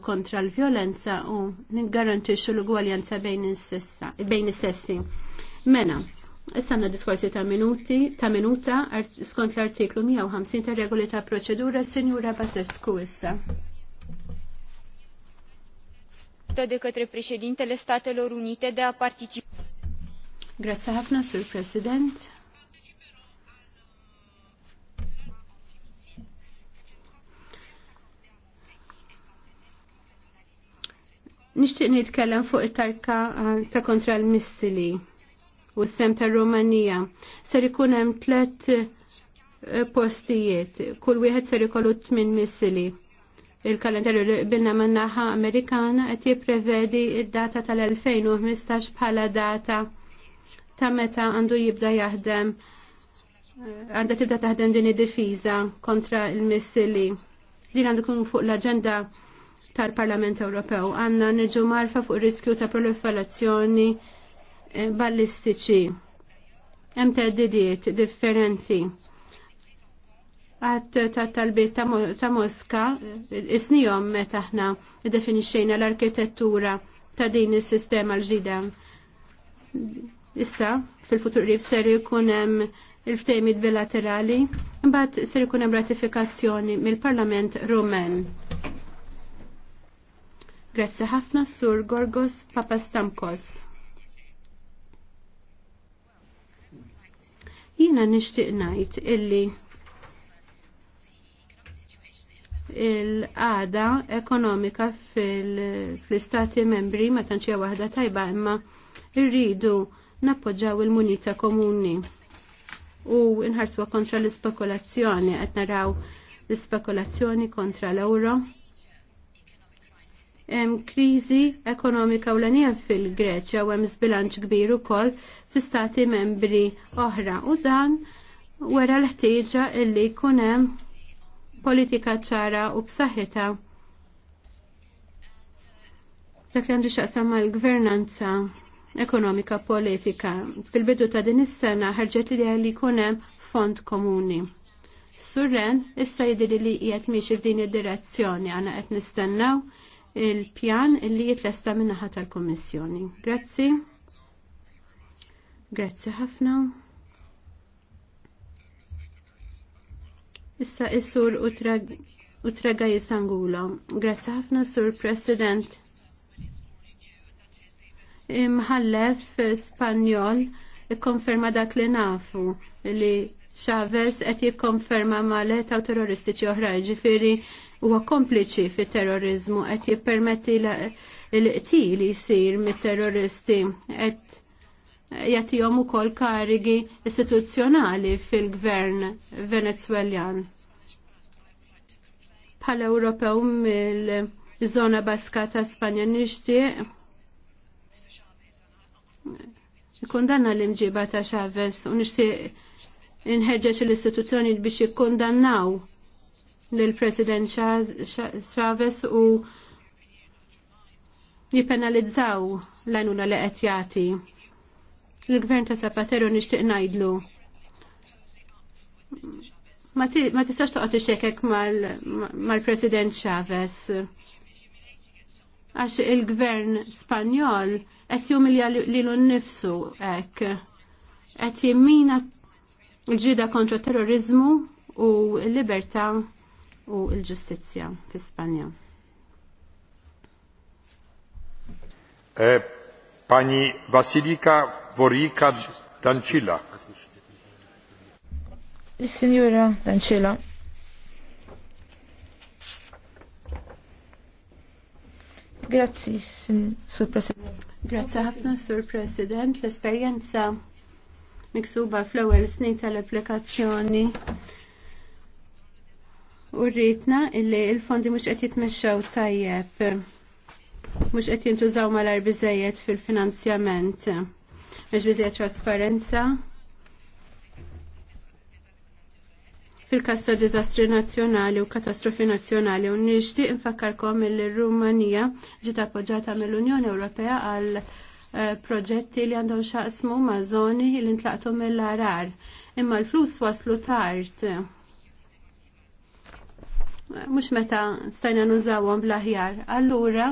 kontra l-violenza u ningarantixxu l-ugwaljanza bejn is-sessi. Mena, issa għandna diskorsi ta' minuti, ta' minuta skont l-artiklu 150 ta' regoli ta' proċedura Senjura Basescu issa. de către președintele Statelor Unite de a participa. Grazie ħafna, Sir President. Nixtieq nitkellem fuq it-tarka eh, ta' kontra l-missili u s-sem ta' Rumanija. Ser ikun hemm tliet eh, postijiet, kull wieħed ser ikollu tmien missili. Il-kalendarju li qbilna man-naħa Amerikana qed jipprevedi id-data tal-2015 bħala data ta' meta għandu jibda jaħdem eh, għandha tibda taħdem din id-difiża kontra l-missili. Din għandu kun fuq l aġenda tal-Parlament Ewropew għanna nġu marfa fuq riskju ta' proliferazzjoni eh, ballistiċi. Hemm teddidiet differenti. Għat ta' talbiet ta' Moska, isnijom meta aħna definixxejna l-arkitettura ta' din is-sistema l ġida Issa, fil-futur li ser ikun hemm il-ftejmit bilaterali, imbagħad ser ikun hemm ratifikazzjoni mill-Parlament Rumen. Grazzi ħafna sur Gorgos Papastamkos. Jiena nixtieq ngħid illi il-għada ekonomika fil-istati membri ma tantxija waħda tajba imma irridu nappoġġaw il-munita komuni u nħarswa kontra l-ispekulazzjoni qed naraw l-ispekulazzjoni kontra l-euro hemm kriżi ekonomika u l fil-Greċja u hemm zbilanċ kbir ukoll fi stati membri oħra u dan wara l-ħtieġa illi jkun hemm politika ċara u b'saħħitha dak li għandu xaqsam mal gvernanza ekonomika politika. Fil-bidu ta' din is-sena ħarġet li li kunem fond komuni. Surren, issa jidiri li jgħet miex f'din id-direzzjoni għana qed nistennaw il-pjan li jitlesta min-naħa tal kummissjoni Grazzi. Grazzi ħafna. Issa is-sur Utraga Jisangula. Grazzi ħafna, Sur President. Mħallef Spanjol ikkonferma dak li nafu li Chavez qed jikkonferma mal leta terroristiċi oħra, ġifieri huwa kompliċi fit terrorizmu qed jippermetti l-qtil jsir mit-terroristi qed jagħtihom ukoll karigi istituzzjonali fil-gvern Venezweljan. Bħala Ewropew mill-żona Baska ta' Spanja nixtieq kundanna l-imġiba ta' Chavez u nixtieq inħeġġeġ l-istituzzjoni biex jikkundannaw l-President Chavez u jipenalizzaw l-għanuna li qed jagħti. Il-gvern ta' Zapatero nixtieq ngħidlu. Ma tistax toqgħod ixekek mal-President Chavez. Għax il-gvern Spanjol qed jumilja lilu nnifsu hekk. Qed jimmina l-ġida kontra terrorizmu u l-libertà u l ġustizja fi Spanja. E, pani Vasilika Vorika Dancila. Il-Signora Dancila. Grazie, Sur President. Grazie ħafna, Sur President. L-esperienza miksuba fl-ewwel snin tal-applikazzjoni urritna illi il-fondi mux qed jitmexxew tajjeb mux qed jintużaw mal bizzejiet fil-finanzjament. mux bizzejiet trasparenza. fil kasta ta' diżastri nazzjonali u katastrofi nazzjonali u nixtieq infakkarkom il-Rumanija ġiet appoġġjata mill-Unjoni Ewropea għal eh, proġetti li għandhom xaqsmu ma' zoni li ntlaqtu mill-arar. Imma l-flus waslu tard mhux meta stajna nużawhom bl-aħjar. Allura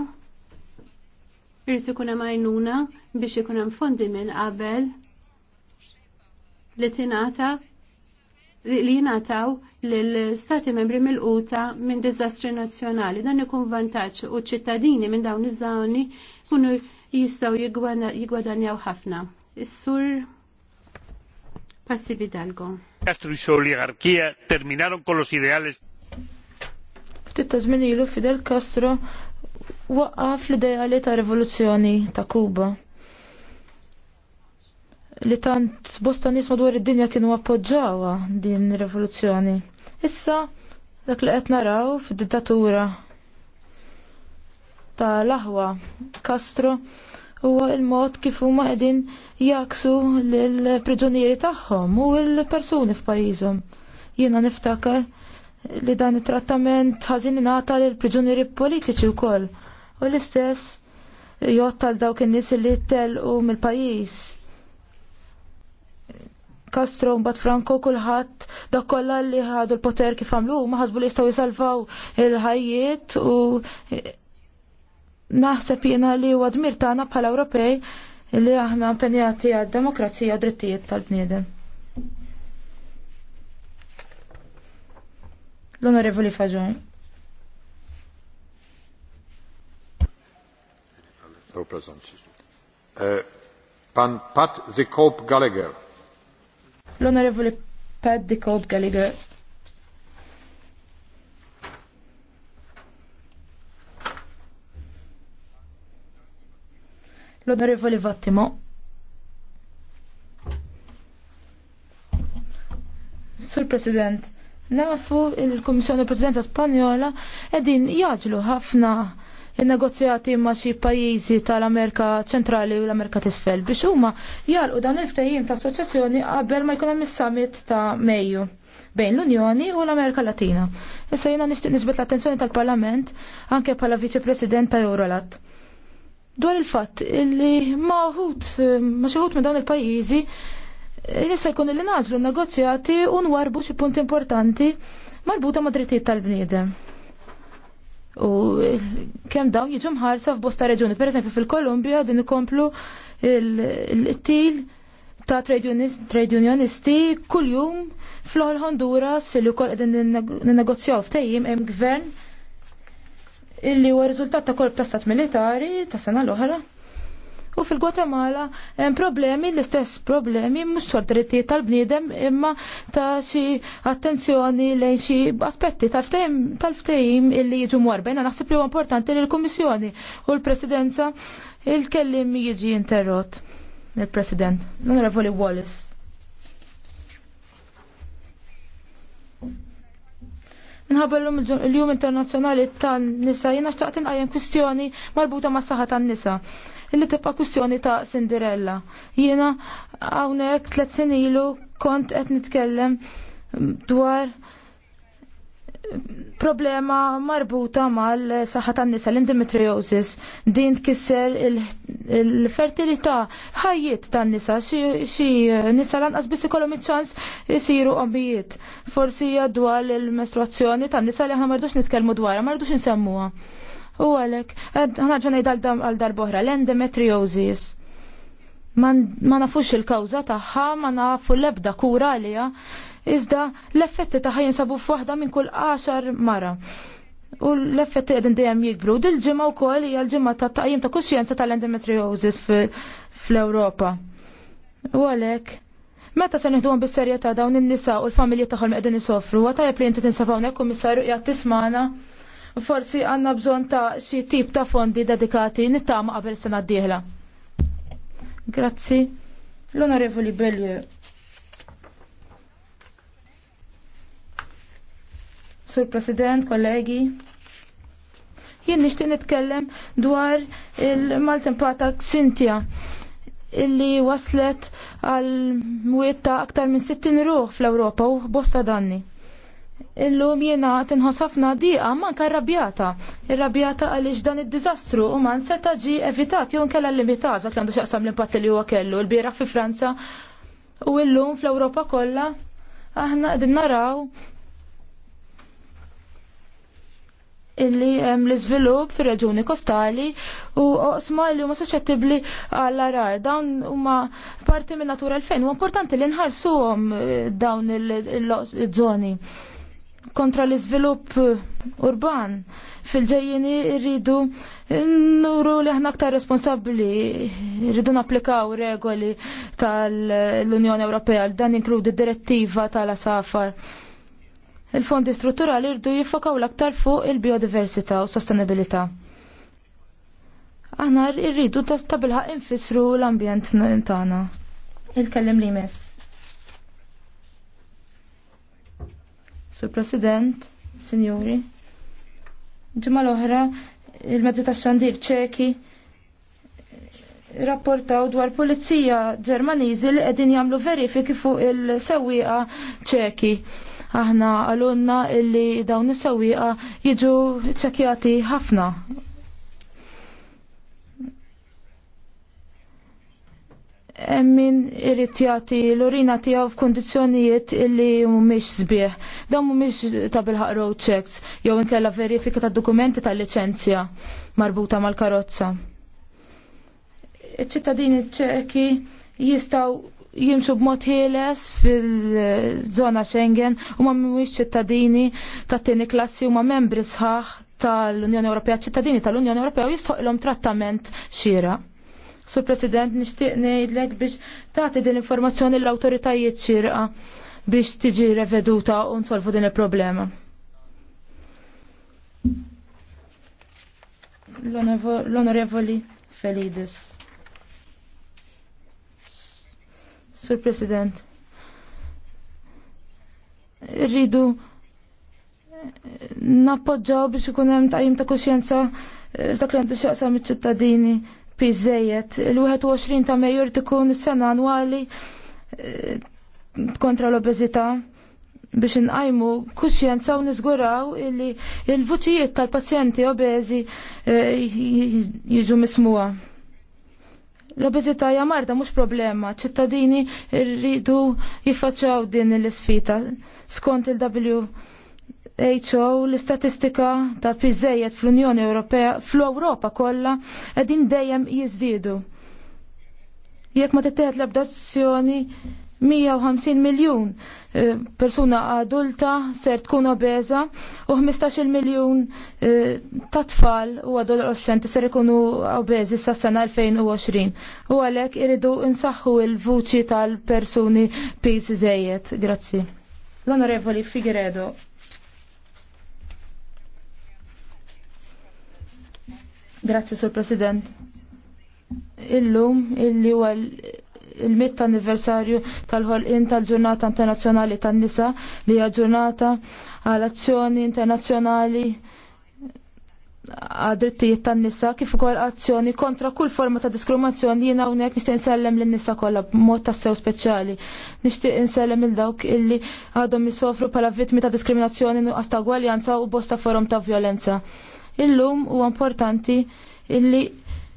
irrid ikun hemm għajnuna biex ikun hemm fondi minn qabel li tingħata li jingħataw lill-stati membri mill-quta minn diżastri nazzjonali. Dan ikun vantaġġ u ċittadini minn dawn iż żawni kunu jistgħu jigwadanjaw ħafna. Is-sur Pasividalgo. Castro y su oligarquía terminaron con los ideales ftit ta' żmien ilu Fidel Castro waqqaf l-ideali ta' rivoluzzjoni ta' Kuba li tant bosta nies madwar id-dinja kienu appoġġawa din rivoluzzjoni. Issa dak li qed naraw fid-dittatura ta' laħwa Castro huwa il-mod kif huma qegħdin jaksu lill priġunieri tagħhom u l-persuni f'pajjiżhom. Jiena niftakar li dan it-trattament ħażin ingħata lill priġunieri politiċi wkoll. U l-istess jgħod dawk in-nies li ttelqu mill-pajjiż. Castro mbagħad Franco kulħadd dak kollha li ħadu l-poter kif għamlu ma ħasbu li jistgħu jisalvaw il-ħajjiet u naħseb jiena li huwa dmir tagħna bħala Ewropej li aħna impenjati għad-demokrazija u drittijiet tal-bniedem. L-Onorevoli Fajon. Eh, pan Pat de Cope Gallagher. l Pat de Cope Gallagher. l Vattimo. Sur Presidente. Nafu il-Komissjoni Presidenza Spanjola edin jaġlu ħafna il-negozjati ma xi pajjiżi tal-Amerika ċentrali u l-Amerika tisfel biex huma jalqu dan il-ftehim ta' assoċjazzjoni qabel ma jkun hemm is-summit ta' Mejju bejn l-Unjoni u l-Amerika Latina. Issa jiena nixtieq nisbet l-attenzjoni tal-Parlament anke bħala Viċi President ta' Eurolat. Dwar il-fatt illi ma' ma xi minn dawn il-pajjiżi Nisa jkun li nazlu negozjati u nwarbu xi punt importanti marbuta ma' drittijiet tal-bniedem. U kemm dawn jiġu mħarsa f'bosta reġuni, pereżempju fil-Kolumbja din ikomplu il-til ta' trade unionisti kuljum fl Honduras li wkoll qegħdin ninnegozjaw f'tejjim hemm gvern illi huwa riżultat ta' kolb ta' stat militari ta' sena l-oħra u fil-Gwatemala hemm problemi l-istess problemi mhux dwar drittijiet tal-bniedem imma ta' xi attenzjoni lejn xi aspetti tal-ftehim illi jiġu mwarbejna naħseb li huwa importanti li l-Kummissjoni u l-Presidenza il-kellim jiġi interrott il-President, l-Onorevoli Wallace. Minħabba l-jum internazjonali tan nisa jena xtaqtin inqajem kwistjoni marbuta ma' saħa tan nisa illi tibqa' kwistjoni ta' Cinderella. Jiena hawnhekk tliet sin ilu kont qed nitkellem dwar problema marbuta mal-saħħa tan-nisa l-endometriosis din tkisser il-fertilità ħajjiet tan-nisa xi nisa lanqas biss ikollhom iċ-ċans isiru qobijiet. Forsi hija dwar il-mestruazzjoni tan-nisa li aħna ma rridux nitkellmu dwarha, ma rridux insemmuha. U għalek, ħanaġan għal darboħra, l-endometriosis. Ma nafux il-kawza taħħa, ma nafu l-ebda kura għalija, iżda l-effetti taħħa jinsabu f'waħda minn kull 10 mara. U l-effetti għedin dejjem jikbru. Dil-ġimma u koll hija l-ġimma ta' taqjim ta' kuxjenza tal-endometriosis fl-Ewropa. U għalek, Meta se nieħduhom bis-serjetà dawn in-nisa u l-familji tagħhom qegħdin isofru, għata tajjeb li inti tinsab hawnhekk jgħat qiegħed tismana forsi għanna bżon ta' xi tip ta' fondi dedikati nittama qabel sena d-dieħla. Grazzi. L-Onorevoli Bellier. Sur President, kollegi, jien nixtieq nitkellem dwar il-maltempata Xintja illi waslet għal mwiet ta' aktar minn 60 ruħ fl-Ewropa u bosta danni. Illum jiena tinħoss ħafna diqa manka rrabjata. Irrabjata għaliex dan id-diżastru u man seta ġi evitat jew nkella limitat dak għandu x'aqsam l-impatt li huwa kellu l bira fi Franza u illum fl-Ewropa kollha aħna għedin naraw illi hemm l-iżvilupp fir-reġuni kostali u oqsma li huma suċċettibbli għall arar Dawn huma parti minn natura l fejn u importanti li nħarsuhom dawn il-żoni. il żoni kontra l izvilup urban fil ġejjini rridu nuru li aħna aktar responsabbli rridu napplikaw regoli tal-Unjoni Ewropea dan inkludi direttiva tal-asafar. Il-fondi strutturali rridu jiffakaw l-aktar fuq il-biodiversità u sostenibilità. Aħna rridu tabilħa infisru l-ambjent tagħna. Il-kellim li mess. Sur President, Signori, ġimma l-oħra il-mezzi ta' xandir ċeki rapportaw dwar pulizija ġermaniżi li qegħdin jagħmlu verifiki fuq il-sewwieqa ċeki. Aħna għalunna illi dawn is-sewwieqa jiġu ċekjati ħafna min irritjati jagħti l-urina tiegħu f'kundizzjonijiet illi mhumiex sbieħ. Dawn mhumiex ta' bil road checks jew inkella verifika tad dokumenti tal-liċenzja marbuta mal-karozza. Iċ-ċittadini ċeki jistgħu jimxu b'mod ħieles fil-żona Schengen u ma mhumiex ċittadini ta' tieni klassi u ma membri sħaħ tal-Unjoni Ewropea ċittadini tal-Unjoni Ewropea l-om trattament xieraq. Sur President, nixtieq ngħidlek biex tagħti din informazzjoni l-awtoritajiet xirqa biex tiġi reveduta u nsolvu din il-problema. L-Onorevoli Felidis. Sur President, rridu nappoġġaw biex ikun hemm taqjim ta' kuxjenza ta' eh, klienti xaqsam iċ-ċittadini biżejjed. L-21 ta' Mejjur tkun sena annwali eh, kontra l-obeżità biex inqajmu kuxjenza u niżguraw illi il-vuċijiet tal-pazjenti obeżi eh, jiġu mismuha. L-obeżità hija marda mhux problema, ċittadini rridu jiffaċċjaw din l-isfita skont il-WHO HO l-istatistika ta' piżejjed fl-Unjoni Ewropea fl-Ewropa kollha qegħdin dejjem jiżdiedu. Jekk ma tittieħed l-abdazzjoni 150 miljun eh, persuna adulta ser tkun obeża u 15 miljun eh, ta' tfal u adolescenti ser ikunu obeżi sa' sena 2020. U għalhekk iridu insaħħu il-vuċi tal-persuni piż żejjed. Grazzi. L-Onorevoli Figueredo. Grazzi, Sur President. Illum, illi huwa il-mitt anniversarju tal-ħolqin tal-ġurnata internazzjonali tan-nisa li hija ġurnata għal azzjoni internazzjonali għad-drittijiet tan-nisa kif ukoll azzjoni kontra kull forma ta' diskriminazzjoni jiena hawnhekk nixtieq insellem lin-nisa kollha b'mod tassew speċjali. Nixtieq insellem il dawk illi għadhom jisofru bħala vittmi ta' diskriminazzjoni nuqqas ta' gwaljanza u bosta forum ta' violenza. Illum huwa importanti illi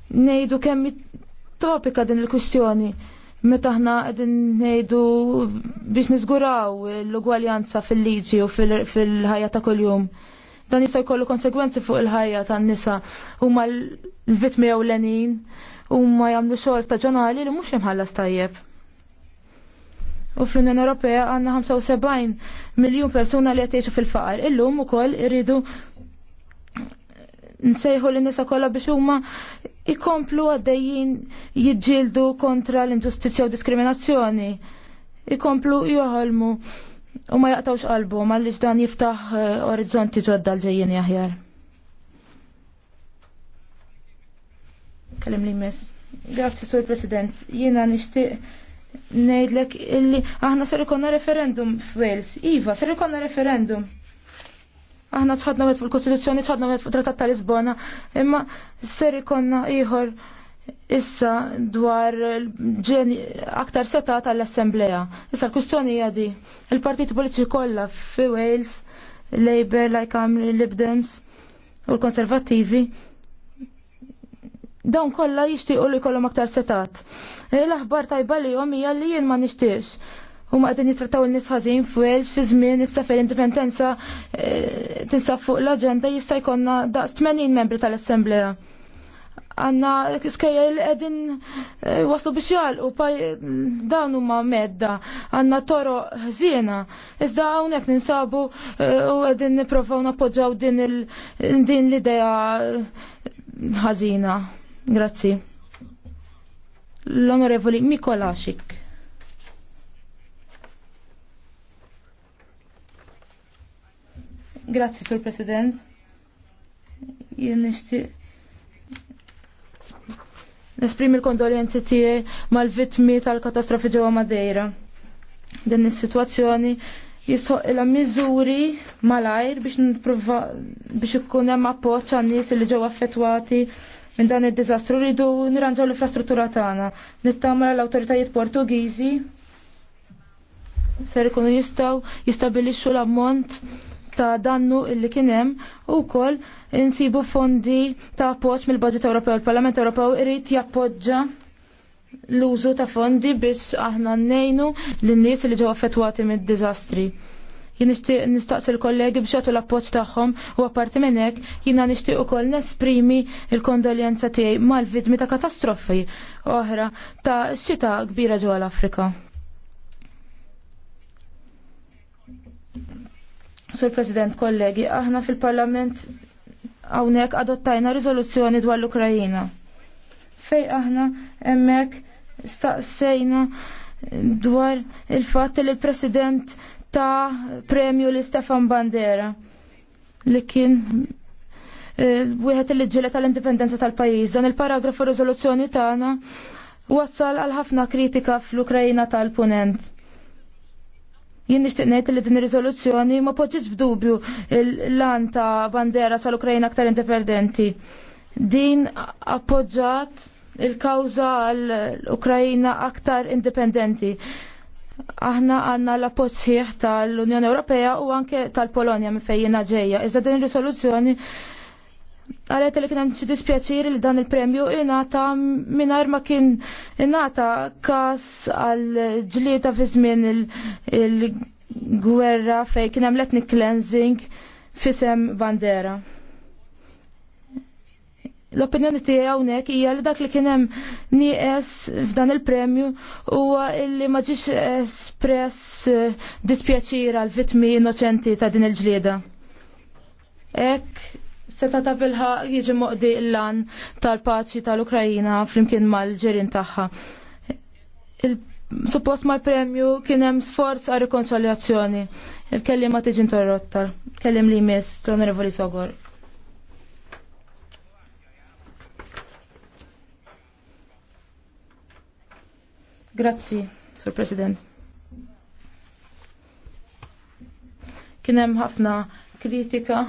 ngħidu kemm topika din il-kwistjoni meta ħna qegħdin ngħidu biex nizguraw l-ugwaljanza fil-liġi u fil-ħajja ta' kuljum. Dan jista' jkollu konsegwenzi fuq il-ħajja tan-nisa huma l-vitmi ewlenin huma jagħmlu xogħol staġjonali li mhux imħallas tajjeb. U fl-Unjoni Ewropea għandna 75 miljun persuna li qed jgħixu fil-faqar. Illum ukoll irridu nsejħu li nisa kollha biex huma ikomplu għaddejjin jiġġieldu kontra l-inġustizzja u diskriminazzjoni. Ikomplu joħolmu u ma jaqtawx qalbu għaliex dan jiftaħ eh, orizzonti ġodda l-ġejjin aħjar. Kellim li mis. Grazzi, Sur President. Jiena nixtieq ngħidlek illi aħna ser ikonna referendum f'Wales. Iva, ser ikonna referendum Aħna tħadna met fil-Kostituzzjoni, tħadna met fil-Trattat ta' Lisbona, imma ser ikonna ieħor issa dwar ġeni aktar seta tal-Assembleja. Issa l-kustjoni hija di. Il-partiti politiċi kollha fi Wales, Labour, like um, Lib Dems u l-Konservattivi dawn kollha jixtiequ li jkollhom aktar setat. L-aħbar tajba li hija li jien ma nixtieqx Huma qegħdin jitrattaw l-nis ħażin f'Wales fi żmien issa independenza indipendenza eh, tinsab fuq l-aġenda jista' jkollna da 80 membri tal-Assemblea. Għanna skajja qegħdin eh, waslu biex jalqu dawn huma medda għandna toro ħżiena. Iżda hawnhekk ninsabu eh, u qegħdin nipprovaw nappoġġaw din l-idea ħażina. Grazzi. L-Onorevoli Mikolaxik. Grazzi, Sur President. Jien nesprimi l-kondoljenzi tiegħi mal-vittmi tal-katastrofi ġewwa Madeira. Din is-sitwazzjoni jistħoq ilha miżuri malajr biex nipprova biex ikun hemm appoġġ għan-nies li ġew affettwati minn dan id-diżastru rridu nirranġaw l-infrastruttura tagħna. Nittamra l-awtoritajiet Portugiżi ser ikunu jistgħu jistabilixxu l-ammont ta' dannu illi kien hemm u wkoll insibu fondi ta' appoġġ mill-Budget Ewropew. Il-Parlament Ewropew irid jappoġġa l-użu ta' fondi biex aħna nnejnu lin-nies li ġew affettwati mid-diżastri. Jien nistaqsi l-kollegi biex jagħtu l-appoġġ tagħhom u apparti minn hekk jiena nixtieq ukoll nesprimi l-kondoljenza tiegħi mal-vidmi ta' katastrofi oħra ta' xita kbira ġewwa l-Afrika. Sur President, kollegi, aħna fil-Parlament hawnhekk adottajna riżoluzzjoni dwar l-Ukrajina. Fej aħna hemmhekk staqsejna dwar il-fatt li l-President ta' premju li Stefan Bandera li kien eh, wieħed li ġilet tal-indipendenza tal-pajjiż. Dan il-paragrafu riżoluzzjoni tagħna wassal għal ħafna kritika fl-Ukrajina tal-Punent Jien nixtieq ngħid li din ir-riżoluzzjoni ma poġġiġ f'dubju l-lan ta' bandera sal-Ukrajna aktar indipendenti. Din appoġġat il-kawża għall-Ukrajna aktar indipendenti. Aħna għanna l appoġġ tal-Unjoni Ewropea u anke tal-Polonja minn fejjina ġejja. Iżda din ir-riżoluzzjoni għalet li kienem ċi dispjaċir li dan il-premju inata minar ma kien inata kas għal ġlieta fi żmien il-gwerra il fej kienem l cleansing fisem bandera. L-opinjoni tiegħi hawnhekk hija li dak li kien hemm nieqes f'dan il-premju huwa li ma ġiex espress dispjaċir għal vittmi innoċenti ta' din il-ġlieda. Ek seta ta' bilħa jiġi moqdi l-lan tal-paċi tal-Ukrajina flimkien mal ġerin tagħha. Suppost mal-premju kien hemm sforz għal rikonsoljazzjoni. Il-kellim ma tiġi interrotta. Kellim li jmiss, Onorevoli Sogor. Grazzi, Sur President. Kien hemm ħafna kritika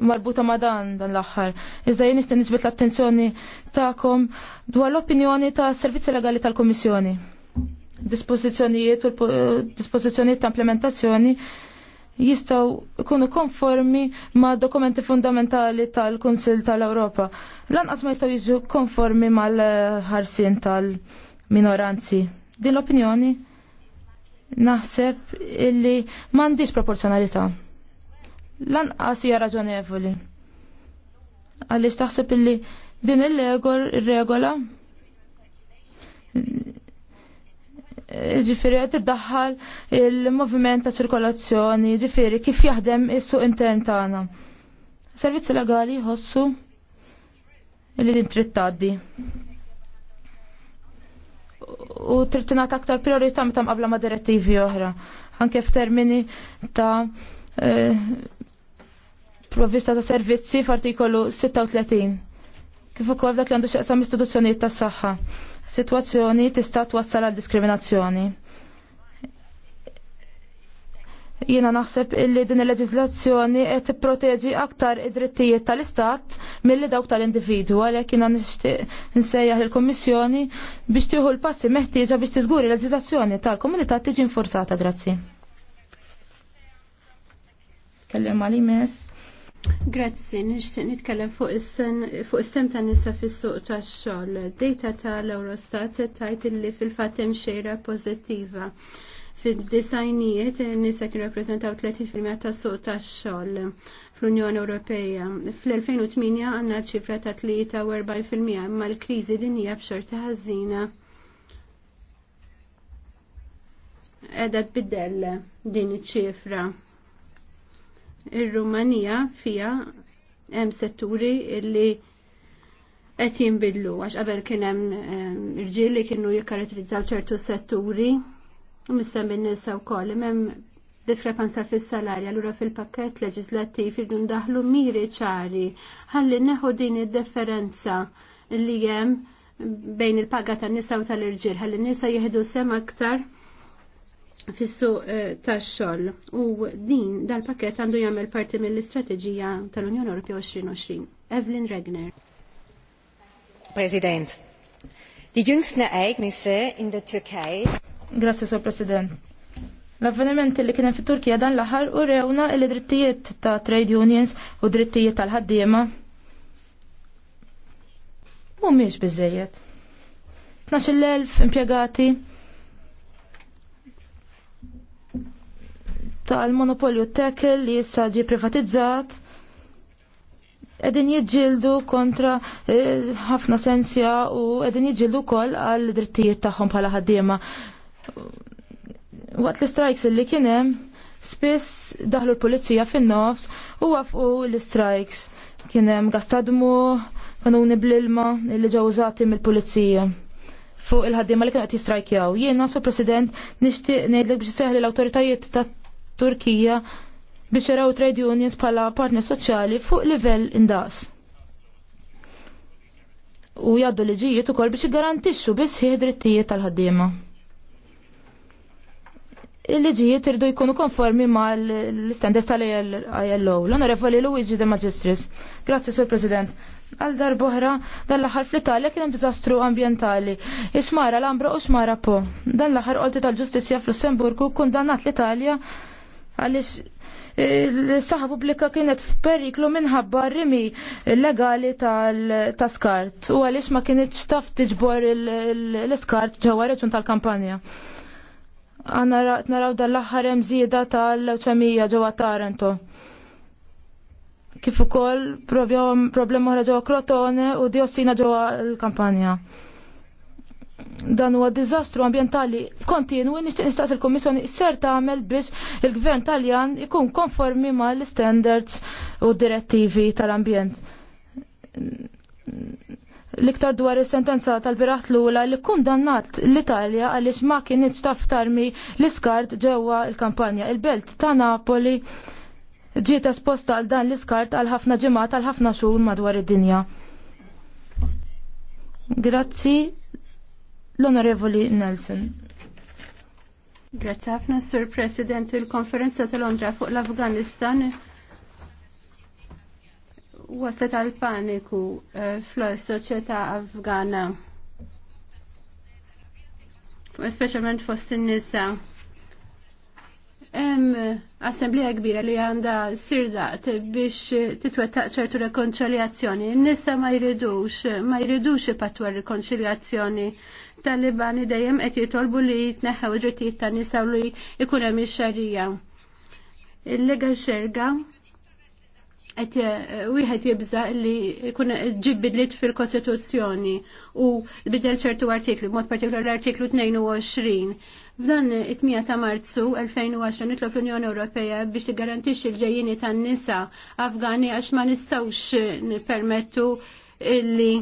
marbuta ma' dan dan l-aħħar. Iżda jien nista' nisbet l-attenzjoni tagħkom dwar l-opinjoni ta' servizzi legali tal-Kummissjoni. Dispożizzjonijiet u dispożizzjonijiet ta' implementazzjoni jistgħu jkunu konformi ma' dokumenti fundamentali tal-Kunsil tal-Ewropa. Lanqas ma jistgħu jiġu konformi mal ħarsien tal-minoranzi. Din l-opinjoni naħseb illi mandiġ proporzjonalità lanqas hija raġonevoli. Għaliex taħseb illi din il-regola ġifiri id iddaħħal il-moviment ta' ċirkolazzjoni, ġifiri kif jaħdem is-suq intern tagħna. Servizzi legali jħossu li din trid tgħaddi. U trid tingħata aktar priorità meta mqabbla ma' direttivi oħra, anke f'termini ta' eh, provvista ta' servizzi f'artikolu 36. Kif ukoll dak li għandu x'aqsam istituzzjonijiet tas-saħħa. Sitwazzjoni tista' twassal għal diskriminazzjoni. Jiena naħseb illi din il-leġiżlazzjoni qed tipproteġi aktar id-drittijiet tal-istat milli dawk tal-individwu għalhekk jiena nixtieq nsejjaħ il-Kummissjoni biex tieħu l-passi meħtieġa biex tiżguri l-leġiżlazzjoni tal-komunità tiġi infurzata grazzi. Kellem għal imess Grazzi, nixtieq nitkellem fuq is-sem ta' nisa fis-suq tax-xogħol. Data tal-Eurostat tajt illi fil-fatt hemm xejra pożittiva. Fid-disajnijiet nisa kienu rappreżentaw 30% tas-suq tax-xogħol fl-Unjoni Ewropea. Fl-2008 għandna ċifra ta' 43% imma l-kriżi din hija b'xorta ħażina. Qiegħda tbiddel din iċ-ċifra Ir-Rumanija fija hemm setturi li qed jinbidlu għax qabel kien hemm ehm, irġiel li kienu jikkaratterizzaw ċertu setturi u missemmi n-nisa wkoll hemm diskrepanza fis-salarja allura fil-pakkett leġislattiv irdu ndaħlu miri ċari ħalli neħu din id-differenza li hemm bejn il-paga tan-nisa u tal-irġiel ħalli n-nisa jieħdu sem aktar fis-suq eh, tax-xogħol u din dal-pakett għandu jagħmel parti mill-istrateġija tal-Unjoni Ewropea 2020. Evelyn Regner. President, die jüngsten Ereignisse in der Türkei. Grazie, Sir President. L-avvenimenti li kienem fit-Turkija dan l-aħħar u rewna il-drittijiet ta' trade unions u drittijiet tal-ħaddiema. Mhumiex bizzejiet. 12,000 impjegati, tal-monopolju tekel li jissa ġi privatizzat edin jidġildu kontra eh, ħafna sensja u edin jidġildu kol għal drittijiet tagħhom bħala ħaddiema. Waqt l-strikes li kienem, spiss daħlu l-pulizija fin-nofs u wafqu l-strikes. Kienem gastadmu, kanuni bl-ilma li ġawżati mill-pulizija fuq il-ħaddiema li kienet qed jistrajkjaw. Jiena, sur President, nixtieq nejdlek biex seħli l-awtoritajiet ta' Turkija biex jaraw trade unions bħala partner soċjali fuq livell indaqs. U jaddu liġijiet ukoll biex jgarantixxu biss ħieħ drittijiet tal-ħaddiema. Il-liġijiet irdu jkunu konformi mal l-standards tal-ILO. L-Onorevoli Luigi de Magistris. Grazzi, Sur President. Għal darbohra dan l-aħħar fl-Italja kien hemm diżastru ambjentali. Ixmara l-Ambra u xmara po. Dan l-aħħar qorti tal-Ġustizzja fl-Lussemburgu kundannat l-Italja għaliex eh, l-saħħa pubblika kienet f'periklu minħabba rimi legali tal-skart u għaliex ma kienet taf tiġbor l-skart ġewwa reġun tal-kampanja. Naraw dal-aħħar hemm żieda tal-lewċemija ġewwa Taranto. Kif ukoll problema oħra ġewwa Krotone u diossina ġewwa l-kampanja dan huwa diżastru ambjentali kontinwi nixtieq nistaqs il-Kummissjoni ser tagħmel biex il-Gvern Taljan ikun konformi mal standards u direttivi tal-ambjent. L-iktar dwar is-sentenza tal-Birat l-ula li kundannat l-Italja għaliex ma kienx taftarmi l-iskart ġewwa l-kampanja. Il-belt ta' Napoli ġiet esposta għal dan l-iskart għal ħafna ġimgħat għal ħafna xhur madwar id-dinja. Grazzi l-Onorevoli Nelson. Grazie ħafna, Sir President, il-konferenza tal-Londra fuq l-Afganistan waslet għal paniku eh, fl-soċjetà Afgana. Speċjalment fost in-nisa. Hemm assembleja kbira li għandha sirda biex titwettaq ċertu rekonċiljazzjoni. N-nisa ma jridux, ma jridux ipatwa rekonċiljazzjoni talibani dejjem qed jitolbu li jitneħħew ġrittijiet tan nisa u li jkun hemm ix-xarija. il lega xerga qed wieħed jibża li jkun ġibbidlit fil-Kostituzzjoni u bidel ċertu artiklu, mod partikolari l-artiklu 22. F'dan it-8 ta' Marzu 2010 nitlob l-Unjoni Ewropea biex tigarantixxi l-ġejjini tan-nisa Afgani għax ma nistgħux nippermettu illi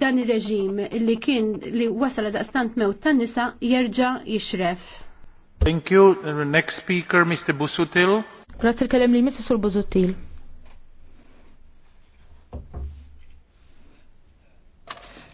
dan ir-reġim li kien li wasal daqstant mewt tan-nisa jerġa' jixref. Thank you. The next speaker, Mr. Busutil. Grazie kellem li Mr. Sur Busutil.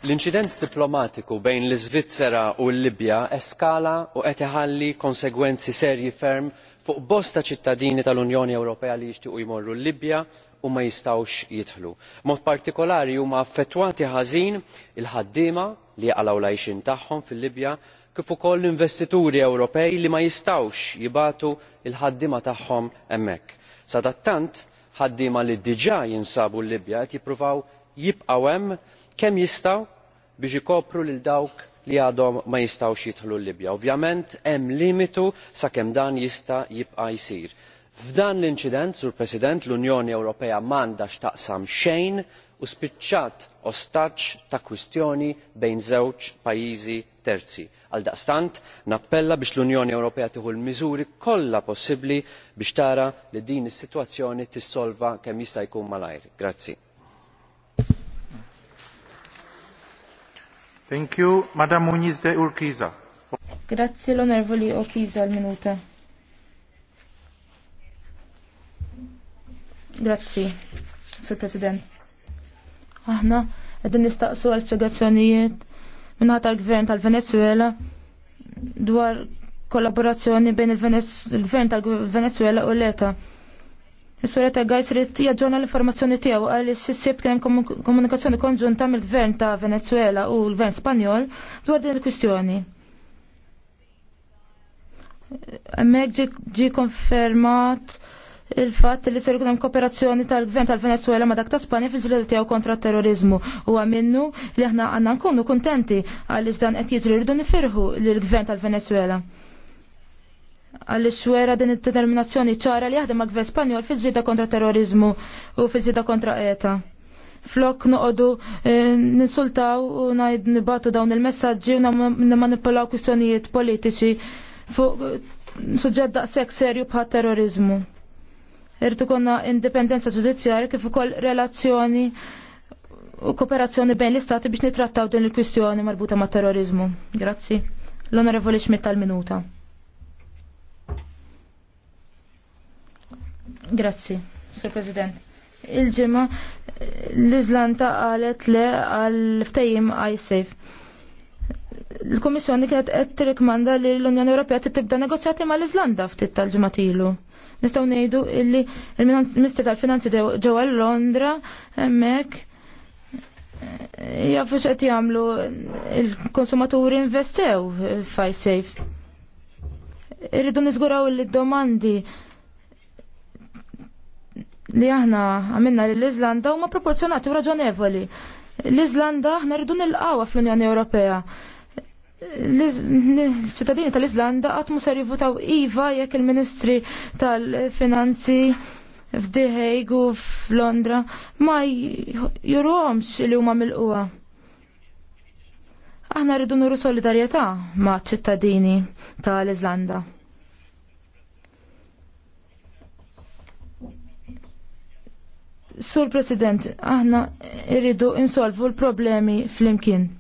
L-inċident diplomatiku bejn l-Iżvizzera u l-Libja eskala u qed iħalli konsegwenzi serji ferm fuq bosta ċittadini tal-Unjoni Ewropea li jixtiequ jmorru l-Libja u ma jistgħux jidħlu. Mod partikolari huma affettwati ħażin il-ħaddiema li jaqalgħu l-għajxin tagħhom fil-Libja kif ukoll l-investituri Ewropej li ma jistgħux jibagħtu il-ħaddiema tagħhom hemmhekk. Sadattant ħaddiema li diġà jinsabu l-Libja qed jippruvaw jibqgħu hemm kemm jistgħu biex ikopru lil dawk li għadhom ma jistgħux jidħlu l libja. ovvjament hemm limitu sakemm dan jista' jibqa' jsir. F'dan l-inċident, Sur President, l-Unjoni Ewropea m'għandhax taqsam xejn u spiċċat ostaġġ ta' kwistjoni bejn żewġ pajjiżi terzi. Għaldaqstant, nappella biex l-Unjoni Ewropea tieħu l-miżuri kollha possibbli biex tara li din is-sitwazzjoni tissolva kemm jista' jkun malajr. Grazzi. Thank you, Madam Muniz de Urquiza. Grazie l'onorevoli al Grazzi, Sur President. Aħna qegħdin nistaqsu għal spjegazzjonijiet minnaħat tal-gvern tal-Venezuela dwar kollaborazzjoni bejn il-gvern tal-Venezuela u l-ETA. Is-soreta Gajs rrit jaġġorna l-informazzjoni tiegħu għaliex issib kien hemm komunikazzjoni konġunta mill-Gvern ta' Venezuela u l-Gvern Spanjol dwar din il-kwistjoni. Hemmhekk ġi konfermat il-fatt li ser ikun hemm kooperazzjoni tal-Gvern tal-Venezuela ma dak ta' Spanja fil-ġlieda tiegħu kontra terrorizmu. u minnu li aħna għandna nkunu kuntenti għaliex dan qed jiġri rridu nifirħu lill-Gvern tal-Venezuela. Għaliex wera din id-determinazzjoni ċara li jaħdem mal gvern Spanjol fil-ġlieda kontra terrorizmu u fil-ġlieda kontra ETA. Flok noqogħdu eh, ninsultaw u ngħid nibatu dawn il-messaġġi u nimmanipulaw kwistjonijiet politiċi fuq suġġett daqshekk serju bħat terrorizmu. Irtu konna indipendenza ġudizzjarja kif ukoll relazzjoni u kooperazzjoni bejn l-istati biex nitrattaw din il-kwistjoni marbuta ma' terrorizmu. Grazzi. L-Onorevoli Schmidt tal-minuta. Grazzi, Sur President. Il-ġimma l-Izlanda qalet le għal-ftajim ISAFE l-Komissjoni kienet qed rekmanda li l-Unjoni Ewropea tibda negozjati mal-Iżlanda ftit tal-ġimgħat ilu. Nistgħu ngħidu illi il ministri tal-Finanzi ġewwa Londra hemmhekk eh, jafu qed jagħmlu il-konsumaturi investew safe. Irridu niżguraw li domandi li aħna għamilna l-Iżlanda huma proporzjonati u raġonevoli. L-Iżlanda aħna rridu nilqgħuha fl-Unjoni Ewropea l-ċittadini tal-Iżlanda qatt mhux ser jivvutaw iva jekk il-Ministri tal-Finanzi f'Di u f'Londra ma jurhomx li huma milquha. Aħna rridu nuru solidarjetà ma' ċittadini tal-Iżlanda. Sur President, aħna rridu insolvu l-problemi fl-imkien.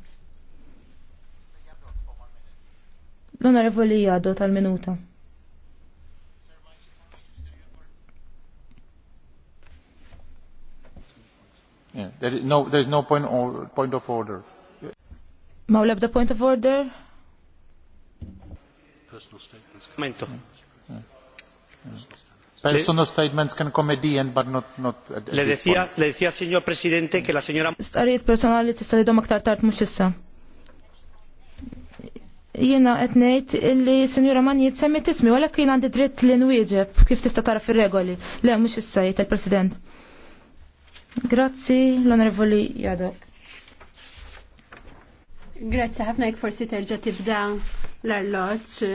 L-Onorevoli Jado tal-Minuta. Yeah, there is no, there is no point, or, point of order. Ma' lebda point of order? Personal statements. Commento. Personal statements can come at the end, but not, not at, at le decía, Le decía, señor presidente, que la señora... Starijiet personali tista' li dom aktar tart mux issa. Jiena qed ngħid illi Sinjura Man jitsemmi tismi, wala kien għandi dritt li nwieġeb kif tista' tara fir-regoli. Le mux jissajt il-President. Grazzi l-Onorevoli Jadok. Grazzi ħafna jekk forsi terġa' tibda l arloċ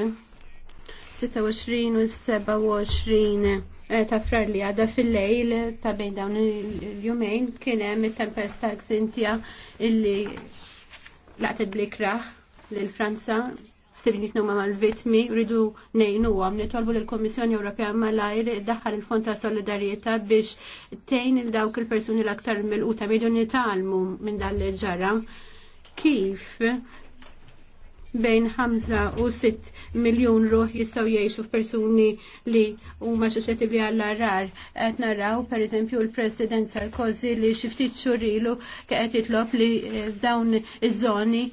26 u 27 eh, ta' frar li għada fil-lejl ta' bejn dawn il-jumejn kien hemm it-tempesta għzintja illi laqtet blikraħ l-Franza f'tibnitna ma mal-vitmi rridu nejnu għam nitolbu l-Komissjoni Ewropea mal malajr daħħal il-Fond ta' Solidarieta biex tejn il-dawk il-persuni l-aktar mill-quta bidu nitalmu minn dan leġara ġara kif bejn 5 u 6 miljon ruħ jistaw jiexu f'persuni li huma suċċettibbli għall-arrar. Qed naraw pereżempju l-President Sarkozy li xi ftit xurilu qed jitlob li eh, dawn iż-żoni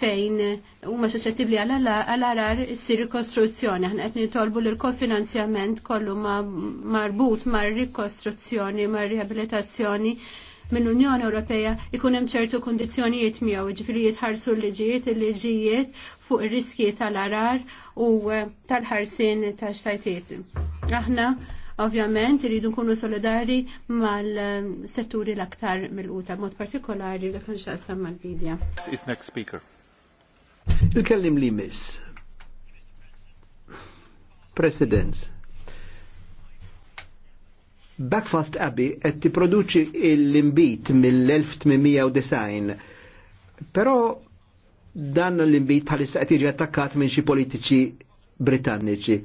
fejn huma suċċettibbli għall-arrar issir rikostruzzjoni. Aħna qed nitolbu li l-kofinanzjament kollu marbut mar-rikostruzzjoni, mar-riabilitazzjoni. mar rikostruzzjoni mar riabilitazzjoni mill-Unjoni Ewropea ikun hemm ċertu kundizzjonijiet miegħu, ġifieri jitħarsu l-liġijiet, il-liġijiet fuq ir-riski tal-arar u eh, tal ħarsien tax-tajtiet. Aħna ovvjament iridu nkunu solidari mal-setturi l-aktar mill-quta, mod partikolari dak nxaqsam mal-bidja. Is next speaker. Il-kellim li miss. Presidents. Backfast Abbey qed tipproduċi l-imbit mill-1890. Però dan l-imbit bħalissa qed jiġi attakkat minn xi politiċi Britanniċi.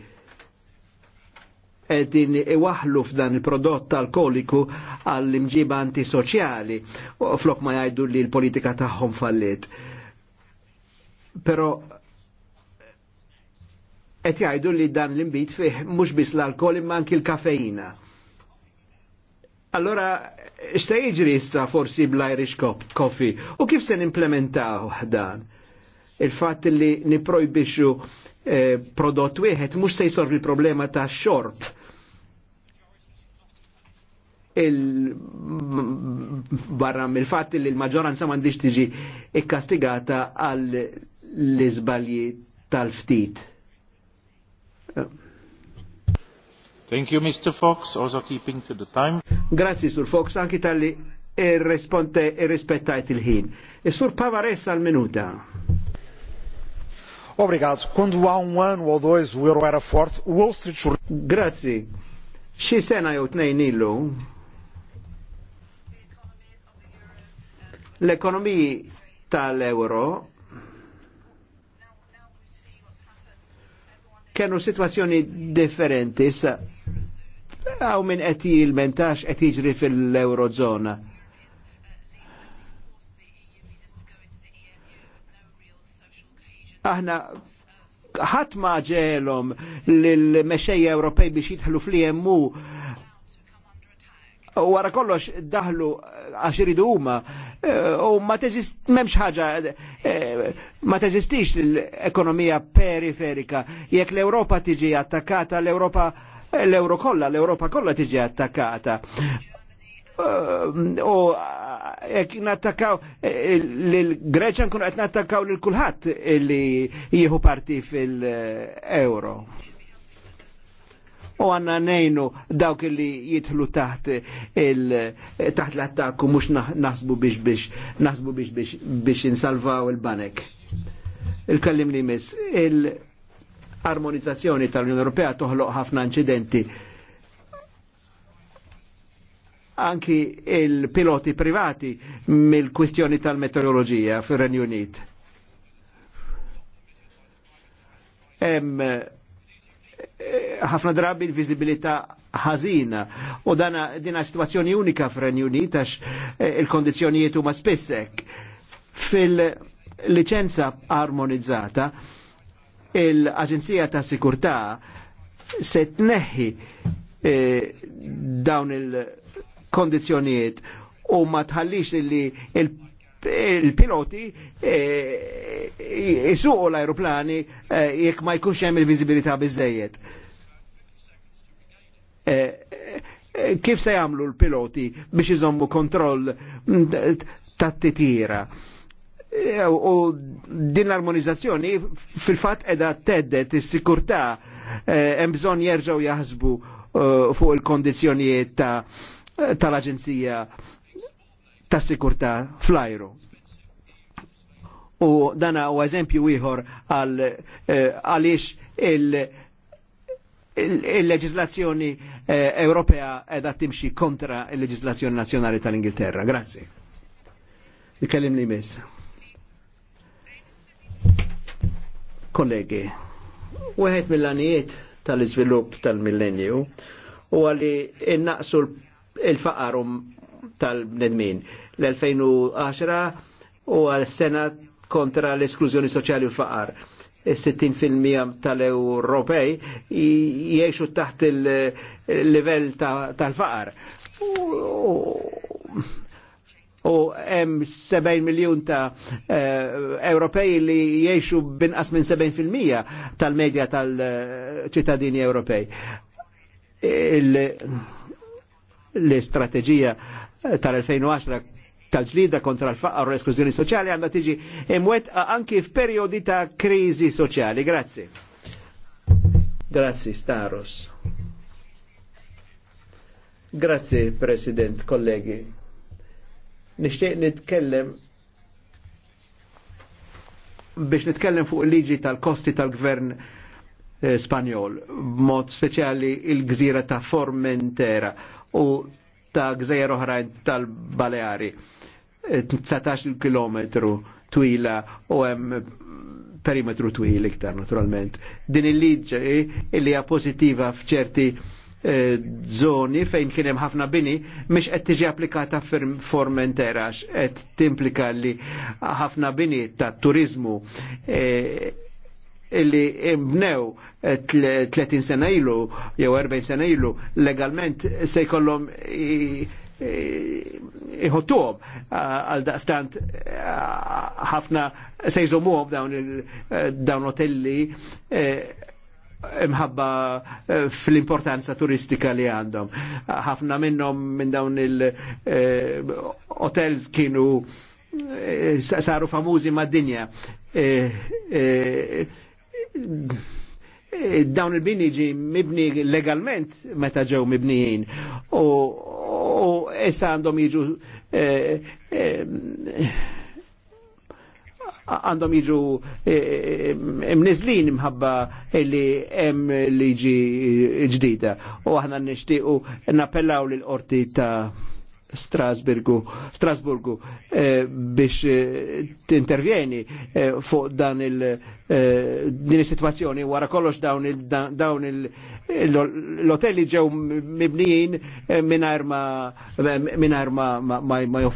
Qegħdin iwaħlu f'dan il-prodott alkoliku għall-imġiba antisoċjali u flok ma jgħidu li l-politika tagħhom fallit. Però qed jgħidu li dan l-imbit fih mhux biss l-alkol imma anki l-kafeina Allora, xta jiġri issa forsi bl-Irish Coffee? U kif se nimplementaw dan? Il-fat li niprojbixu eh, prodott wieħed mhux se jsorbi problema ta' xorb il-barra mill-fat li l-maġoranza mandiġ tiġi ikkastigata għall l-izbalji tal-ftit. Thank you, Mr. Fox, also keeping to the time. Grazie, Sur Fox, anche tali e risponte e rispettate il hin. E sur Pavares al minuta Obrigado. Quando há um ano ou dois o euro era forte, o Wall Street Journal... Grazie. Xi sena eu tnei ilu L'economia tal-euro kienu situazzjoni differenti. Issa, għaw minn qed il-mentax qed jiġri fil-Eurozona. Aħna ħadd ma ġelhom lill-mexxejja Ewropej biex jidħlu fl-EMU wara kollox daħlu għax iridu huma Eh, u ma teżist memx ħaġa eh, ma teżistix l-ekonomija periferika jekk l europa tiġi attakkata l europa l-Euro kollha l europa kollha tiġi attakkata eh, u jekk nattakaw l-Greċa nkunu qed nattakaw lil kulħadd li jieħu parti fil-euro u għanna nejnu dawk li jitħlu taħt taħt l-attakku mux naħsbu biex biex naħsbu biex biex biex insalvaw il-banek. Il-kallim li mis, il-armonizzazzjoni tal-Unjoni Ewropea toħloq ħafna incidenti anki il-piloti privati mill-kwistjoni tal meteoroloġija fir-Renju Unit ħafna drabi l vizibilità ħażina u dana dina situazzjoni unika fir-Renju Unit għax eh, il-kondizzjonijiet huma spissek. Fil-liċenza armonizzata, l-Aġenzija ta' Sikurtà se tneħħi eh, dawn il-kondizzjonijiet u ma tħallix li il il-piloti jisuqu e, e, l-aeroplani e, jekk ma jkunx hemm il-viżibilità biżejjed. Kif se jagħmlu l-piloti biex iżommu kontroll tat-titira? U din l-armonizzazzjoni fil-fatt edha teddet is-sikurtà hemm bżonn jerġgħu jaħsbu fuq il-kondizzjonijiet tal-Aġenzija ta' sikurta flajru. U dana u eżempju ieħor eh, għaliex il- il-leġislazzjoni eh, Ewropea edha timxi kontra il-leġislazzjoni nazjonali tal-Ingilterra. Grazie. Nikellim li miss. Kollegi, u għed mill-għaniet tal-izvilup tal-millenju u għalli il innaqsu il faqarum tal-bnedmin l-2010 u għal-sena kontra l-esklużjoni soċjali u faqar. 60% tal-Ewropej jiexu taħt il-level tal-faqar. U hemm 70 miljun ta' eh, Ewropej li jiexu binqas minn 70% tal-medja tal-ċittadini Ewropej l-istrateġija tal-2010 tal-ġlida kontra l faqar u l-esklużjoni soċjali għandha tiġi imwet anki f'perjodi ta' kriżi soċjali. Grazzi. Grazzi, Staros. Grazzi, President, kollegi. Nishtiq nitkellem biex nitkellem fuq liġi tal-kosti tal-gvern eh, Spanjol, mod speċjali il-gżira ta' Formentera u ta' gżejjer oħrajn tal-Baleari. 19 km twila u hemm perimetru twil iktar naturalment. Din il-liġi li hija pożittiva f'ċerti eh, zoni fejn kien hemm ħafna bini mhix qed tiġi applikata formentera għax qed timplika li ħafna bini ta' turizmu eh, illi bnew 30 eh, sena ilu jew 40 sena ilu legalment se jkollhom iħottuhom għal daqstant ħafna se jżomuhom dawn eh, dawn hotelli eh, imħabba fl-importanza turistika li għandhom. ħafna minnhom minn dawn il-hotels kienu saru famużi mad-dinja dawn il-bini ġi mibni legalment meta ġew mibnijin u issa għandhom jiġu eh, eh, għandhom jiġu eh, mnizlin imħabba li hemm liġi ġdida u aħna nixtiequ nappellaw lill qorti ta' Strasburgu, Strasburgu eh, biex eh, t-intervjeni eh, fuq dan il- eh, din is-sitwazzjoni wara kollox dawn il- dawn il- l-hotelli ġew mibnijin eh, mingħajr ma mingħajr ma, ma, ma, ma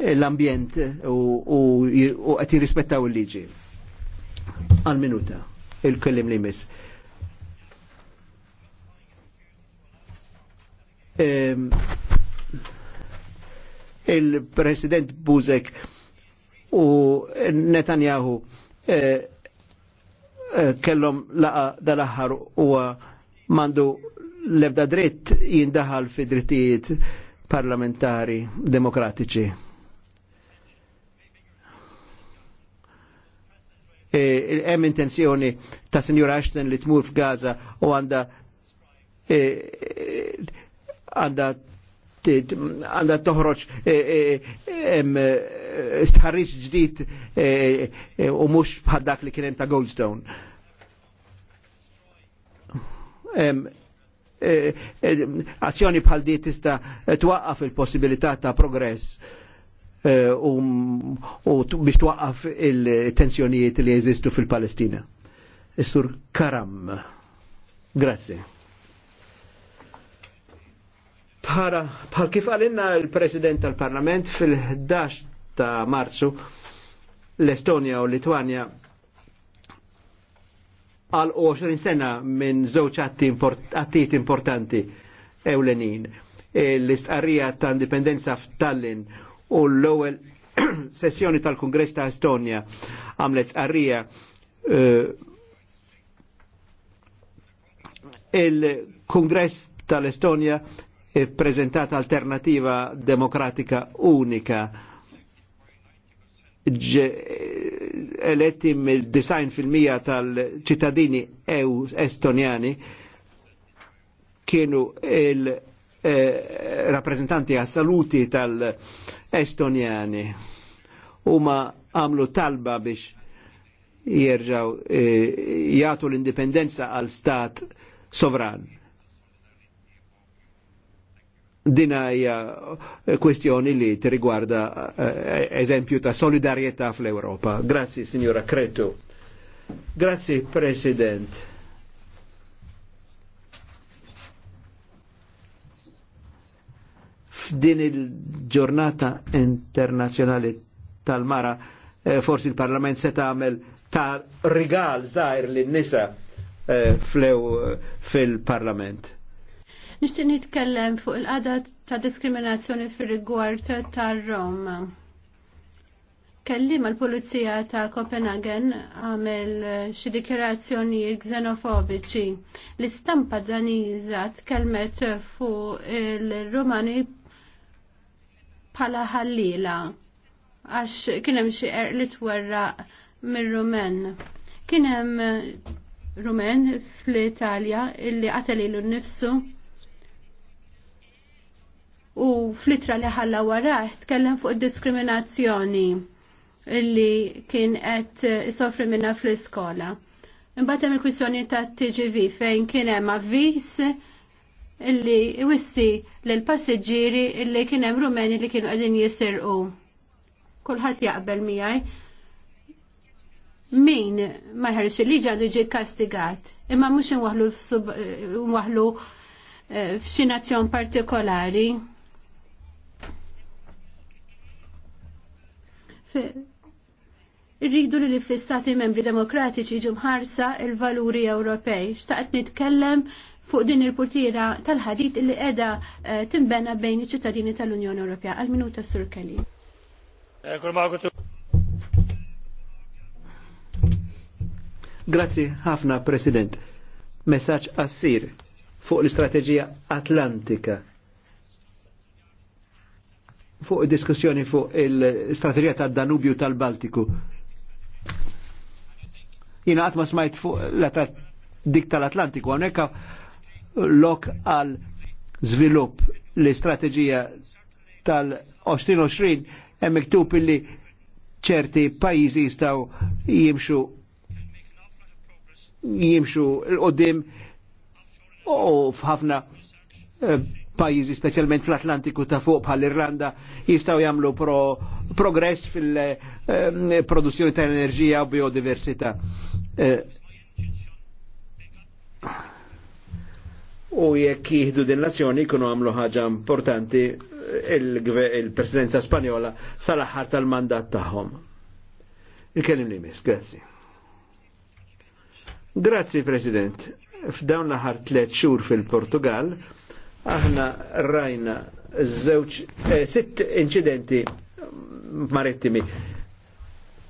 l-ambjent u qed jirrispettaw il-liġi. Għal minuta, il-kellim li miss. Eh, il-President Buzek u Netanyahu eh, eh, kellom laqa dal-aħħar u mandu lebda dritt jindaħal fi drittijiet parlamentari demokratiċi. Eh, hemm e, intenzjoni ta' Sinjura Ashton li tmur f'Gaza u għanda għanda e, għandha toħroċ istħarriċ eh, eh, eh, ġdijt u mux bħal li kienem ta' Goldstone. Azzjoni bħal di tista' twaqqaf il-possibilità ta' progress u biex twaqqaf il-tensjonijiet li jeżistu fil-Palestina. Is-sur Karam. Grazie. Bħal kif għalinna il-President tal-Parlament fil-11 ta' Marzu l-Estonja u litwania għal 20 sena minn żewġ attijiet importanti ewlenin. L-istqarrija ta' indipendenza f'Tallinn u l-ewwel sessjoni tal-Kongress ta' Estonja għamlet sqarrija eh, il-Kongress tal-Estonja E prezentata alternativa demokratika unika eletti mill-design fil-mija tal-ċittadini EU estonjani kienu il-rappresentanti eh, assoluti saluti tal-estonjani huma għamlu talba biex jerġaw eh, jgħatu l-indipendenza għal stat sovran dinajja eh, kwestjoni li t-rigwarda eh, eżempju ta' solidarieta fl-Europa. Grazzi, signora Kretu. Grazzi, President. F'din il-ġurnata internazjonali tal-mara, eh, forsi il-Parlament se tagħmel ta' rigal zaħir lin-nisa fil-Parlament Nixtieq nitkellem fuq il-qada ta' diskriminazzjoni fir-rigward tar-Rom. Kelli mal-Pulizija ta' Copenhagen għamel xi dikjarazzjonijiet xenofobiċi. L-istampa Daniża tkellmet fuq il-Rumani bħala ħallila għax kien hemm xi erq li twerraq mir-Rumen. Kien hemm Rumen fl-Italja illi qatel ilu nnifsu u flitra li ħalla warah tkellem fuq diskriminazzjoni illi kien qed isofri minna fl-iskola. Imbagħad hemm il-kwistjoni ta' TGV fejn kien hemm avviż illi wissi lil passiġġieri illi kien hemm rumeni li kienu qegħdin jisirqu. Kulħadd jaqbel miegħi min ma jħarx il-liġi għandu ġi kastigat, imma mux nwaħlu eh, f'xi nazzjon partikolari. Irridu li fl-istati membri demokratiċi ġu mħarsa il-valuri Ewropej. Xtaqt nitkellem fuq din il-portira tal-ħadit li qiegħda eh, timbena bejn iċ-ċittadini tal-Unjoni Ewropea. Għal minuta Sur Kelly. Eh, Grazzi ħafna President. Messaġġ qassir fuq l-Istrateġija Atlantika fuq diskussjoni fuq il-strategija tad danubju tal-Baltiku. Jina għatma smajt fuq dik tal-Atlantiku, għonekka lok għal zvilup l-istrateġija tal-2020 hemm miktub illi ċerti pajjiżi jistgħu jimxu jimxu l-qoddim u f'ħafna eh, pajizi specialment fl-Atlantiku ta' fuq bħal Irlanda jistaw jamlu pro, progress fil-produzzjoni ehm, ta' enerġija u biodiversità. Eh, u jekk jihdu din l-azzjoni jkunu għamlu ħaġa importanti il-presidenza spanjola sal-aħħar tal-mandat tagħhom. il kelim li mis, grazzi. Grazzi, President. F'dawn l-aħħar tliet xhur fil-Portugal, Aħna rajna żewġ eh, sitt incidenti marittimi.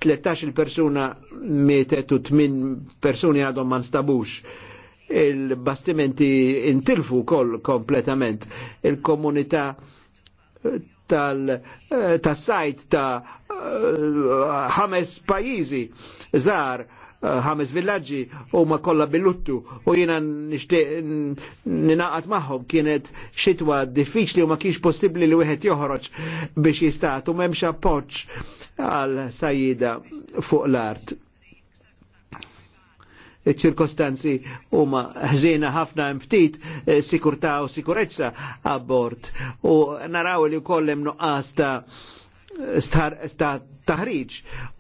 13 persuna mietet u 8 persuni għadhom ma stabux. Il-bastimenti intilfu kol kompletament. Il-komunità eh, tal-sajt eh, ta' ħames pajizi zar ħames villaggi u ma kollha billuttu u jina nixtieq ninaqat magħhom kienet xitwa diffiċli u ma kienx possibbli li wieħed joħroġ biex jistatu m'hemmx appoġġ għal sajida fuq l-art. Ċirkostanzi huma ħżiena ħafna hemm ftit eh, sikurtà u sikurezza abbord u naraw li wkoll hemm nuqqas ta' star, ta' taħriġ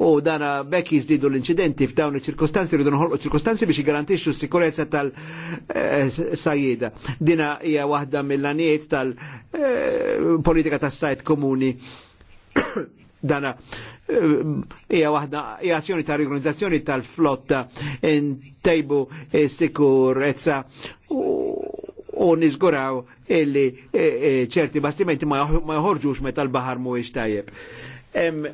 u dana bekk jizdidu l-incidenti f'dawn il-ċirkostanzi rridu nħolqu ċirkostanzi biex jgarantixxu s-sikurezza tal-sajjida. Eh, Dina hija waħda mill-anijiet tal-politika eh, tas-sajt komuni dana eh, hija waħda hija azzjoni tal riorganizzazzjoni tal-flotta intejbu sikurezza u u nizguraw illi e, e, ċerti bastimenti ma joħorġux meta l-bahar mu tajjeb. Hemm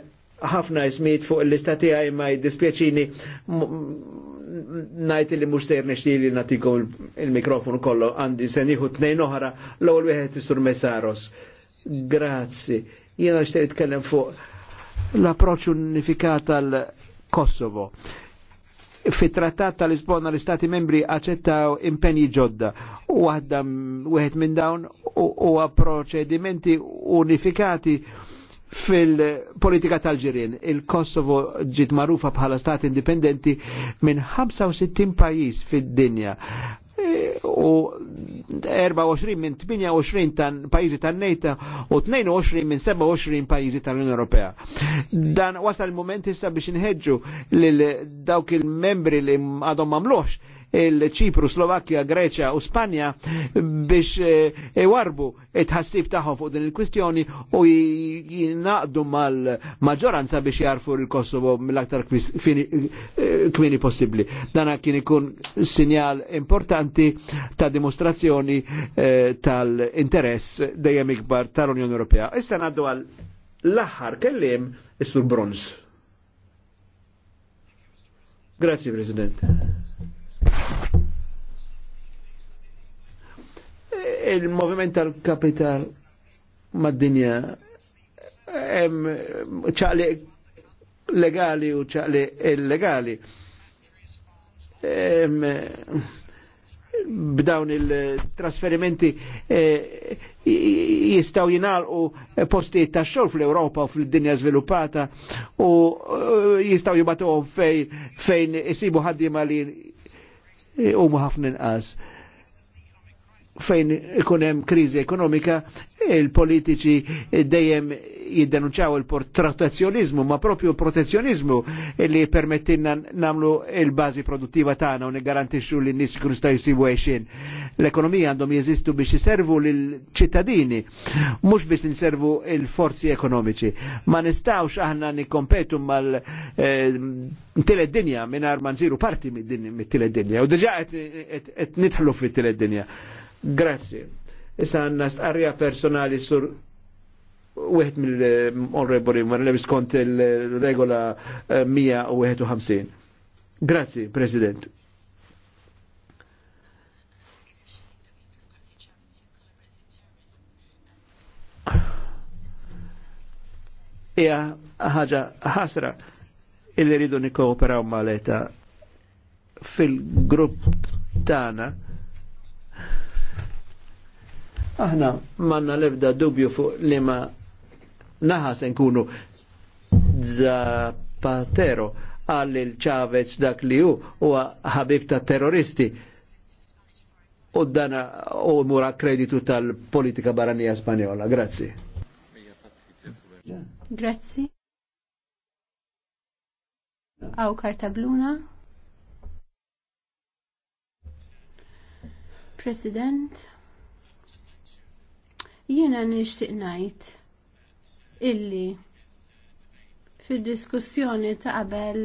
ħafna ismiet fuq l istati għaj ma jdispieċini najt li mux sejr nexti li natikom il mikrofon kollu għandi seniħu t-nejn oħra l-ewwel wieħed istur Messaros. Grazzi. Jena nixtieq kellem fuq l approċ unifikat tal-Kosovo. Fit-trattat tal-Lisbona l-Istati membri aċċettaw impenji ġodda. U għadda wieħed minn dawn huwa proċedimenti unifikati fil-politika tal-ġirien. Il-Kosovo ġiet marufa bħala stat indipendenti minn 65 pajjiż fid-dinja u 24 minn 28 tan pajizi tan nejta u 22 minn 27 pajizi l unjoni Ewropea. Dan wasal il-moment issa biex nħedġu lil dawk il-membri li għadhom mamlux il-ċipru, Slovakkja, Greċja u Spanja biex eh, iwarbu it-ħassib tagħhom fuq din il-kwistjoni u jinaqdu mal-maġġoranza biex jarfu il-Kosovo mill-aktar eh, kmini possibbli. Dana kien ikun sinjal importanti ta' dimostrazzjoni eh, tal-interess dejjem ikbar tal-Unjoni Ewropea. Issa ngħaddu għal l-aħħar kellim is-sur Bruns. Grazie Presidente. Il-moviment tal-kapital mad-dinja hemm ċaqli legali u ċaqli illegali. B'dawn il-trasferimenti eh, jistgħu jingħalqu postijiet ta' xogħol fl-Ewropa u fl dinja sviluppata u eh, jistaw jibatu fejn fej isibu ħaddiema li E, u ħafna inqas fejn ikunem krizi ekonomika, il-politiċi dejjem jiddenunċaw il-protezzjonizmu, ma propju protezzjonizmu li permettinna namlu il-bazi produttiva tagħna u niggarantixxu li n-nies jkunu sta jsibu L-ekonomija għandhom jeżistu biex jiservu l ċittadini mhux biex inservu il-forzi ekonomiċi. Ma nistgħux aħna nikkompetu mal eh, tile dinja mingħajr ma ziru parti mit-tile dinja u diġà qed nidħlu fit-tile dinja. Grazie. Issa għanna st'arja personali sur wieħed mill-onorevoli Marlevis skont il-regola 151. Eh, Grazie, President. Ija ħaġa ħasra illi rridu nikkooperaw mal-ETA fil-grupp tana Aħna manna lebda dubju fuq li ma naħa se nkunu Zapatero għall il-ċavez dak li hu huwa ħabib ta' terroristi u dana u mura kreditu tal-politika barranija spanjola. Grazzi. Grazzi. Aw karta bluna. President. Jiena nixtieq ngħid illi fid-diskussjoni ta' qabel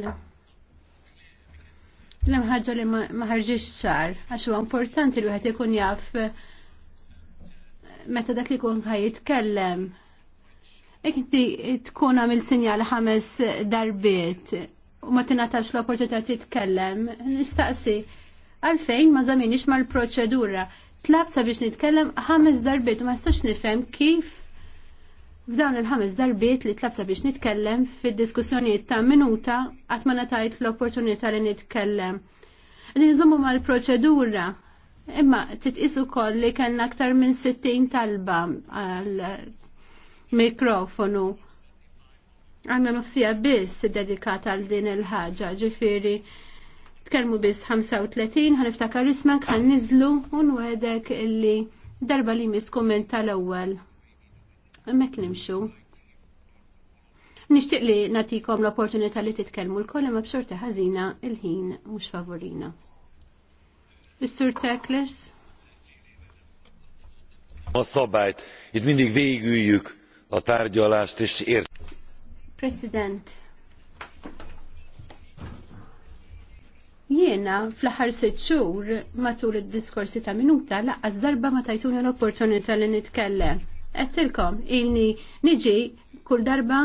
l ħaġa li ma ħarġiex ċar għax huwa importanti li wieħed ikun jaf meta dak li kun jitkellem Inti tkun għamil sinjal ħames darbiet u ma tinatax l-opportunità titkellem, nistaqsi għalfejn ma żaminix mal-proċedura tlab sabiex nitkellem ħames darbiet u ma jistax nifhem kif f'dawn il-ħames darbiet li tlab sabiex nitkellem fid-diskussjonijiet ta' minuta qatt ma ngħatajt l-opportunità li nitkellem. Li nżommu mal-proċedura imma titqis ukoll li kellna aktar minn 60 talba għal mikrofonu Għandna nofsija biss dedikata għal din il ħaġa ġifiri tkellmu biss 35, ħaniftakar ismak ħan nizlu, u nwedek illi darba li mis komment tal-ewwel. Hemmhekk nimxu. Nixtieq li natikom l-opportunità li titkellmu l-koll imma b'xorta ħażina il-ħin mhux favorina. Is-Sur Tekles. A szabályt, itt mindig végüljük a tárgyalást és ért. President, Jiena fl-aħħar sitt xhur matul id-diskorsi ta' minuta laqqas darba ma tajtuni l-opportunità li nitkellem. Qedtilkom ilni niġi kull darba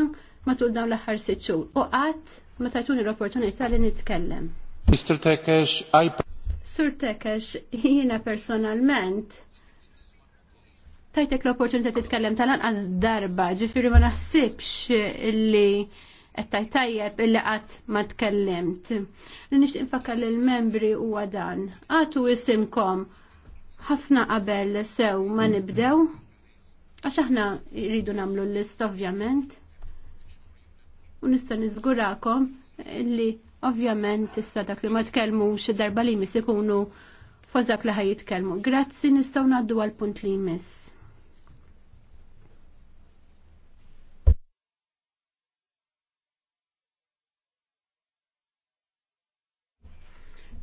matul dawn l-aħħar sitt xhur u qatt ma tajtuni l-opportunità li nitkellem. Mr. Tekes, I... Sur Tekes, jiena personalment tajtek l-opportunità titkellem tal-anqas darba, ġifiri ma naħsibx illi qed tajjeb illi qatt ma tkellimt. Nixtieq infakkar l membri huwa dan. Għatu isimkom ħafna qabel sew ma nibdew għax aħna rridu nagħmlu l-list ovvjament. U nista' niżgurakom li ovvjament issa dak li ma tkellmux darba li jmiss ikunu fost dak li ħaj jitkellmu. Grazzi nistgħu ngħaddu għal punt li jmiss.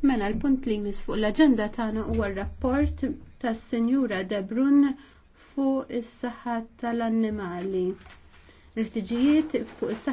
Mela l-punt li jmiss fuq l-aġenda tagħna huwa r-rapport tas-Sinjura Debrun fuq is-saħħa tal-annimali. Il-ħtiġijiet fuq is-saħħa